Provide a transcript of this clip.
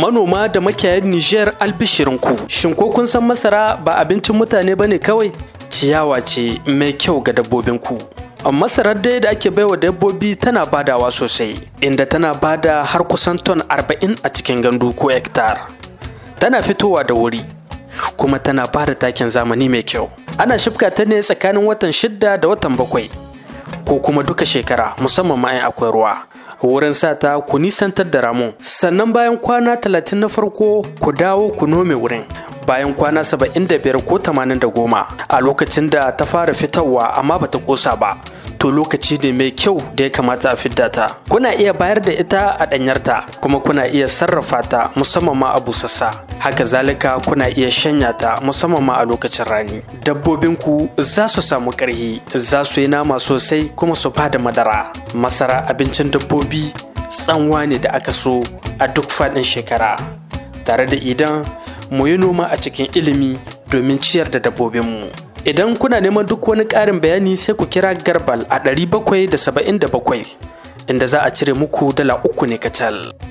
manoma da makiyayan Nijar albishirinku. Shin ko kun san masara ba abincin mutane ba ne kawai? Ciyawa ce mai kyau ga dabbobin ku. masarar dai da ake baiwa dabbobi tana badawa sosai inda tana bada har kusan ton 40 a cikin gandu ko hektar tana fitowa da wuri kuma tana bada takin zamani mai kyau ana shifka ta ne tsakanin watan shidda da watan bakwai ko kuma duka shekara musamman ma akwai ruwa wurin sata ku nisantar da ramon sannan bayan kwana talatin na farko ku dawo ku nome wurin bayan kwana 75 ko 80 a lokacin da ta fara fitowa amma bata kosa ba to lokaci ne mai kyau da ya kamata a fidda ta kuna iya bayar da ita a ɗanyarta kuma kuna iya sarrafa ta musamman ma a busassa haka zalika kuna iya shanya ta musamman ma a lokacin rani dabbobinku za su samu ƙarhi za su yi nama sosai kuma su fada madara masara abincin dabbobi tsanwa ne da aka so a duk faɗin shekara tare da idan mu yi noma a cikin ilimi domin ciyar da dabbobinmu. Idan kuna neman duk wani ƙarin bayani sai ku kira Garbal a 777 inda za a cire muku dala uku ne kacal.